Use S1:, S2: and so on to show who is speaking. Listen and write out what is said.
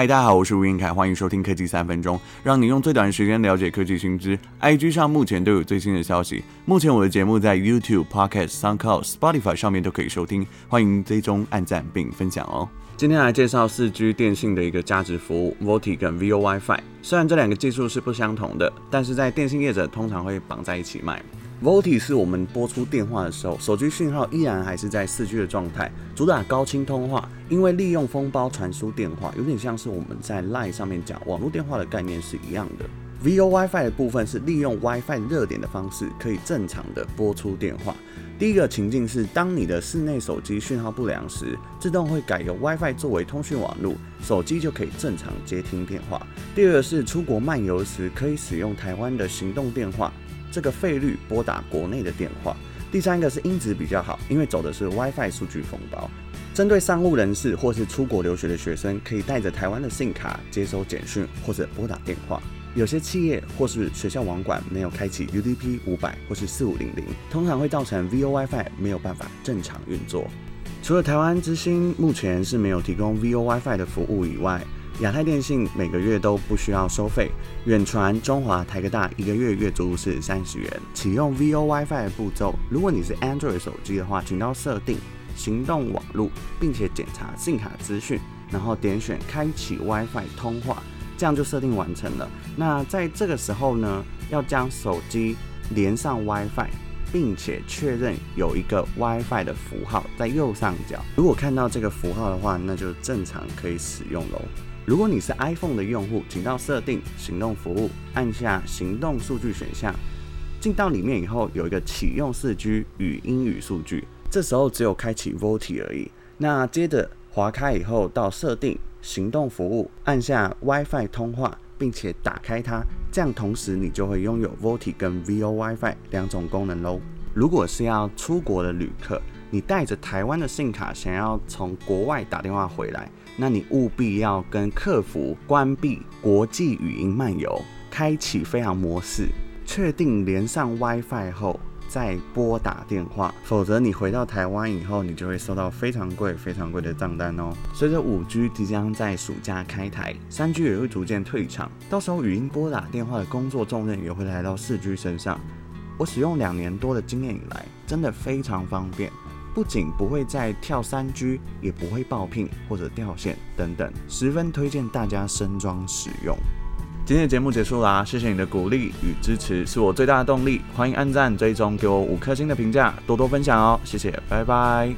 S1: 嗨，Hi, 大家好，我是吳晏愷，歡迎收聽科技三分鐘，讓你用最短的時間了解科技新知。IG 上目前都有最新的消息。目前我的節目在 YouTube、Podcast、SoundCloud、Spotify 上面都可以收聽，歡迎追蹤、按讚並分享哦。今天來介紹 4G 電信的一個加值服務，VoLTE 跟 VoWiFi。雖然這兩個技術是不相同的，但是在電信業者通常會綁在一起賣。VoLTE 是我們撥出電話的時候，手機訊號依然還是在四 G 的狀態，主打高清通話，因為利用封包傳輸電話，有點像是我們在 Line 上面講網絡電話的概念是一樣的。VoWiFi 的部分是利用 WiFi 熱點的方式，可以正常的撥出電話。第一個情境是，當你的室內手機訊號不良時，自動會改由 WiFi 作為通訊網絡，手機就可以正常接聽電話。第二個是出國漫遊時，可以使用台灣的行動電話，這個費率撥打國內的電話。第三個是音質比較好，因為走的是 WiFi 數據封包。針對商務人士或是出國留學的學生，可以帶着台灣的 SIM 卡接收簡訊或者撥打電話。有些企業或是學校網管沒有開啟 UDP 五百或是四五零零，通常會造成 VoWifi 沒有辦法正常運作。除了台灣之星目前是沒有提供 VoWifi 的服務以外，亞太電信每個月都不需要收費。遠傳、中華、台哥大一個月月租是三十元。啟用 VoWifi 的步驟：如果你是 Android 手機的話，請到設定、行動網路，並且檢查信卡資訊，然後點選開啟 WiFi 通話。這樣就設定完成了。那在這個時候呢，要將手機連上 WiFi，並且確認有一個 WiFi 的符號在右上角。如果看到這個符號的話，那就正常可以使用咯。如果你是 iPhone 的用戶，請到設定，行動服務，按下行動數據選項，進到裡面以後，有一個啟用四 G 語音與數據，這時候只有開啟 VoLTE 而已。那接着。滑開以後，到設定，行動服務，按下 WiFi 通話，並且打開它，這樣同時你就會擁有 VoLTE 跟 VoWiFi 兩種功能嘍。如果是要出國的旅客，你帶着臺灣的 SIM 卡想要從國外打電話回來，那你務必要跟客服關閉國際語音漫遊，開啟飛航模式，確定連上 WiFi 後，再撥打電話，否則你回到台灣以後，你就會收到非常貴、非常貴的賬單哦。隨着五 G 即將在暑假開台，三 G 也會逐漸退場，到時候語音撥打電話的工作重任也會來到四 G 身上。我使用兩年多的經驗以來，真的非常方便，不僅不會再跳三 G，也不會爆屏或者掉線等等，十分推薦大家升裝使用。今天的節目結束啦、啊，謝謝你的鼓勵與支持，是我最大的動力。歡迎按讚、追蹤，給我五顆星的評價，多多分享哦，謝謝，拜拜。